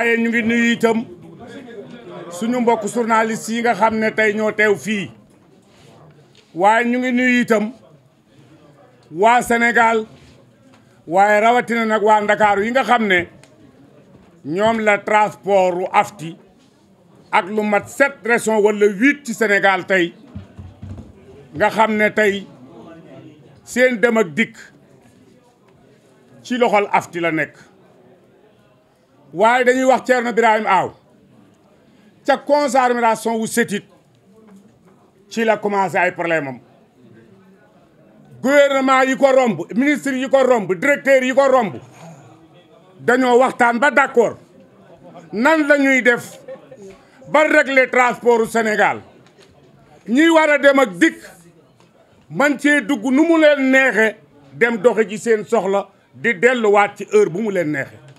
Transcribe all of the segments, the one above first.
waaye ñu ngi nuyu itam suñu mbokk journaliste yi nga xam ne tey ñoo teew fii waaye ñu ngi nuyu itam waa Sénégal waaye rawatina nag waa Ndakaaru yi nga xam ne ñoom la transportu afti ak lu mat sept régions wala huit ci Sénégal tey nga xam ne tey seen dem ak dikk ci loxol afti la nekk waaye dañuy wax Thierno Birahim Aw ca conservation wu setit ci la commencé ay problème am gouvernement yi ko romb ministre yi ko romb directeur yi ko romb dañoo waxtaan ba d'accord nan lañuy def ba régler transport Sénégal ñi war a dem ak dikk man cee dugg nu mu leen neexe dem doxe ji seen soxla di delluwaat ci heure bu mu leen neexe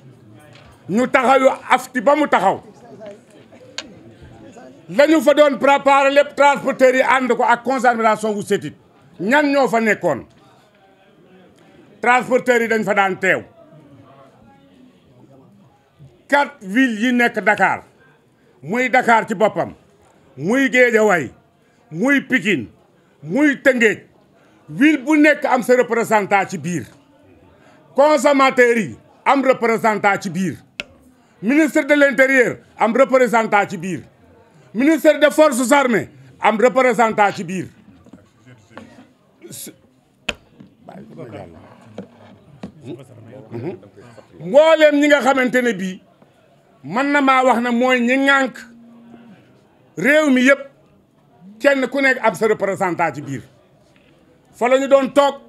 ñu taxawu afti ba mu taxaw lañu fa doon préparer lépp transporteurs yi ànd ko ak concentration wu setit ñan ñoo fa nekkoon transporteurs yi dañ fa daan teew kat villes yi nekk dakaar muy Dakar ci boppam muy Guédiawaye muy pikin muy Tëngéej ville bu nekk am sa représentant ci biir consommateurs yi am représentant ci biir ministre de l' intérieur am représentant ci biir ministère des forces armées am représentant ci biir mbooleem ñi nga xamante ne bii mën na maa wax na mooy ñi ŋànk réew mi yëpp kenn ku nekk am sa représentant ci biir fa lañu doon toog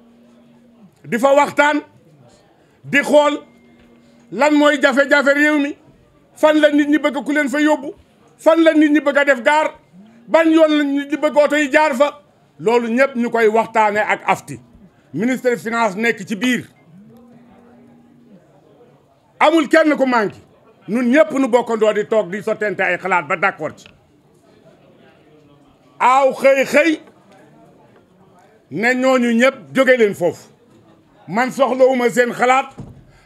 di fa waxtaan di xool lan mooy jafe-jafe réew mi fan la nit ñi bëgg ku leen fa yóbbu fan la nit ñi bëgg a def gaar ban yoon la nit ñi bëgg oto yi jaar fa loolu ñëpp ñu koy waxtaane ak afti ministre finance nekk ci biir amul kenn ku manqué nun ñëpp nu bokkandoo di toog di sottente ay xalaat ba d'accord ci aaw xëy-xëy ne ñooñu ñëpp jóge leen foofu man soxlawuma seen xalaat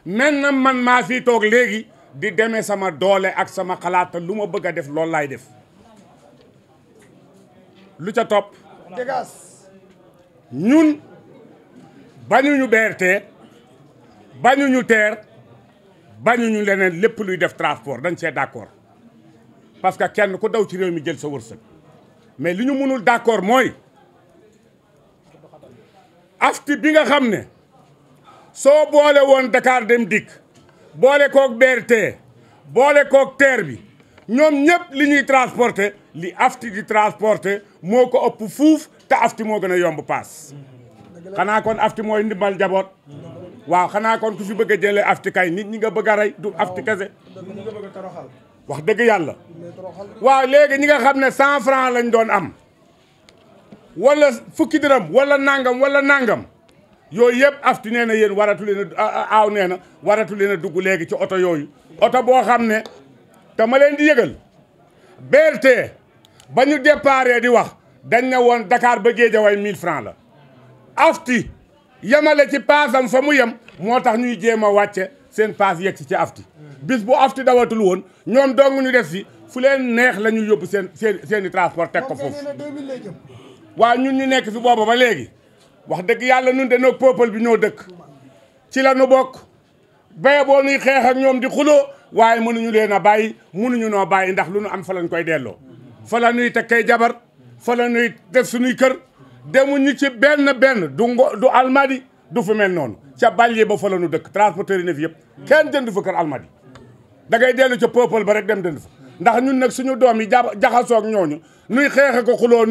men na man maa fi toog léegi di demee sama doole ak sama xalaat lu ma bëgg a def loolu laay def lu ca topp dégas ñun bañuñu BRT bañuñu TER bañuñu leneen lépp luy def transport dañ see d'accord parce que kenn ku daw ci réew mi jël sa wërsëg mais li ñu mënul d'accord mooy afti bi nga xam ne soo boole woon Dakar dem dikk boole kook koog BRT boole kook teer bi ñoom ñëpp li ñuy transporter li afti di transporter moo ko ëpp fuuf te afti moo gën a yomb paas xanaa koon afti mooy ndimbal njaboot waaw xanaa kon ku fi bëgg a jëlee afti kay nit ñi nga bëgg a rey du afti kese wax dëgg yàlla waaw léegi ñi nga xam ne cent franc lañ doon am wala fukki dërëm wala nàngam wala nangam yooyu yëpp aftu nee na yéen waratu leen a nee na waratu leen a dugg léegi ci oto yooyu oto boo xam ne te ma leen di yëgal BRT ba ñu déparé di wax dañ ne woon Dakar ba Guédiawaye 1000 francs la afti yemale ci paasam fa mu yem moo tax ñuy jéem a wàcce seen paas yegg ci afti bis bu afti dawatul woon ñoom dong ñu def si fu leen neex la ñu yóbbu seen seen transport teg ko foofu waaw ñun ñu nekk fi booba ba léegi wax dëgg yàlla nun de noog peuple bi ñoo dëkk ci la nu bokk baye boo nuy xeex ak ñoom di xuloo waaye mënuñu leen a bàyyi mënuñu noo bàyyi ndax lu nu am fa lañ koy delloo fa la nuy takkay jabar fa la nuy def suñuy kër demuñu ci benn benn du ngo du almadi du fu mel noonu ca bàlyi ba fa la dëkk transporteur yi ne fi yëpp kenn jënd fa kër almadi da dellu ca peuple ba rek dem jënd fa ndax ñun nag suñu doom yi jaxasoo ak ñooñu nuy xeexe ko xuloo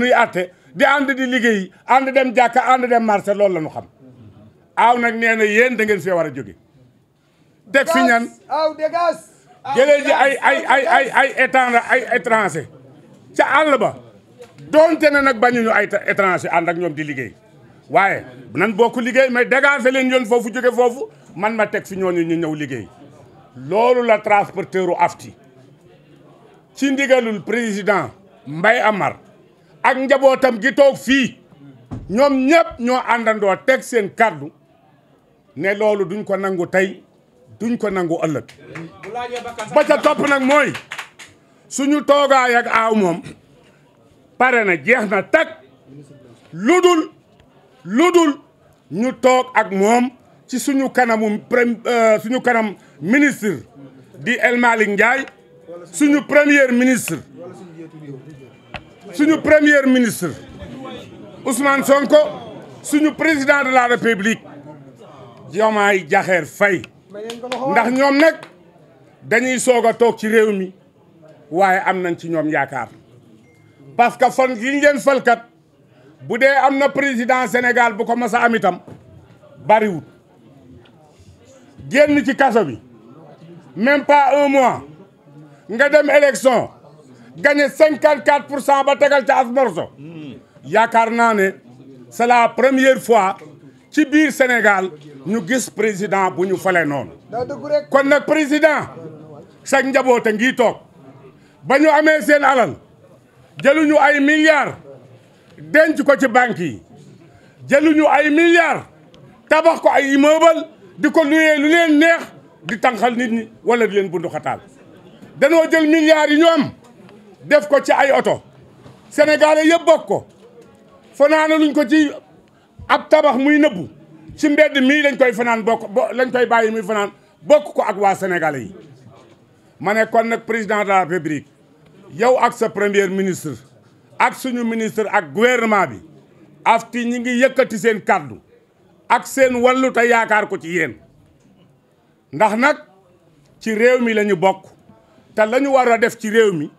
di ànd di liggey ànd dem jàkka ànd dem marché loolu lañu xam aw nak neena yeen da ngeen fi wara joggé jóge fi ñan aw gas gele ji ay ay ay ay ay étendre ay étranger ci àll ba na nak bañu ñu ay étranger and ak ñom di liggéey waaye nan bokku liggey may dégager leen yoon fofu joggé fofu man ma tek fi ñooñu ñu ñew liggey loolu la transporteuru afti ci ndigalul président mbay Amar ak njabootam gi toog fii ñoom ñëpp ñoo àndandoo teg seen kàddu ne loolu duñ ko nangu tey duñ ko nangu ëllëg ba ca topp nag mooy suñu toogaay ak aaw moom pare na jeex na tag ludul ludul ñu toog ak moom ci suñu kanamu euh, suñu kanam ministre di El Malick Ndiaye suñu premier ministre suñu premier ministre Ousmane Sonko suñu président de la république Diomaye Diakhar Faye ndax ñoom nag dañuy soga sont ci parce que nous falkat bude dee président Sénégal bu ko mas amitam, même pas un mois nga élection gagné 54% quatre pour cent ba tegal ca as morso yaakaar naa c'est la première fois ci biir Sénégal ñu gis président bu ñu fale noonu kon nag président sa njaboot a ngi toog ba ñu amee seen alal jëluñu ay milliards denc ko ci banques yi jëluñu ay milliards tabax ko ay immeuble di ko luyee lu leen neex di tànqal nit ñi wala di leen bundu xataal danoo jël milliards yi ñu def ko ci ay oto sénégalais yëpp bokk ko fanaana luñ ko ci ab tabax muy nëbbu ci mbedd mii lañ koy fanaan bokk lañ koy bàyyi muy fanaan bokk ko ak waa sénégalais yi ma ne kon nag président de la république yow ak sa premier ministre ak suñu ministre ak gouvernement bi afti ñi ngi yëkkati seen kàddu ak seen wàllu te yaakaar ko ci yéen ndax nag ci réew mi la bokk te lañu war a def ci réew mi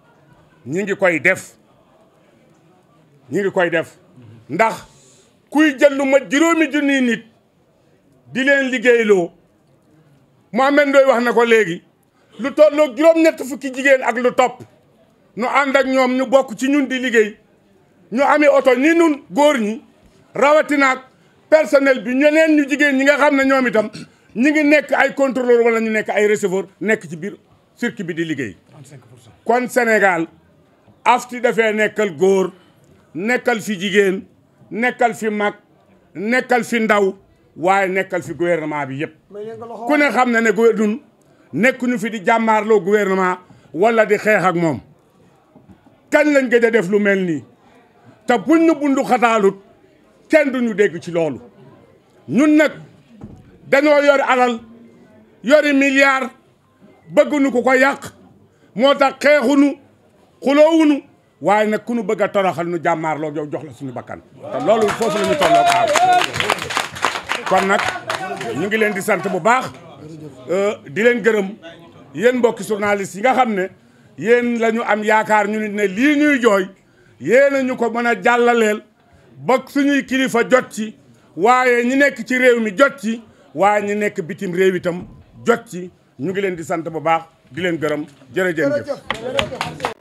ñi ngi koy def ñi ngi koy def ndax kuy jël lu ma juróomi junniy nit di leen liggéeyloo Mohamed Ndoye wax na ko léegi lu tolloo juróom-ñett fukki jigéen ak lu topp nu ànd ak ñoom ñu bokk ci ñun di liggéey ñu amee oto ni nun góor ñi rawatinaak personnel bi ñeneen ñu jigéen ñi nga xam ne ñoom itam ñi ngi nekk ay contrôleur wala ñu nekk ay receveur nekk ci biir circuit bi di liggéey kon Sénégal afti dafee nekkal góor nekkal fi jigen nekkal fi mak nekkal fi ndaw waaye nekkal fi gouvernement bi yëpp ku ne xam na ne dun nekkuñu fi di jamar lo gouvernement wala di xex ak mom kañ lañ gëdë def lu melni ta te buñ nu bundu xatalut kenn duñu dégg ci loolu ñun nak dañu yor alal yori milliard bëgguñu ko ko yàq motax tax xeexunu xuloowunu waaye nag ku nu bëgg a toroxal nu jàmmaarloo yow jox la suñu bakkan loolu foofu la ñu tolloo aaw kon nag ñu ngi leen di sant bu baax euh, di leen gërëm yéen mbokki journaliste yi nga xam ne yéen lañu am yaakaar ñu ne lii ñuy jooy yéen a ñu ko mën a jàllaleel ba suñuy kilifa jot ci waaye ñu nekk ci réew mi jot ci waaye ñu nekk bitim réew itam jot ci ñu ngi leen di sant bu baax di leen gërëm jërëjëf.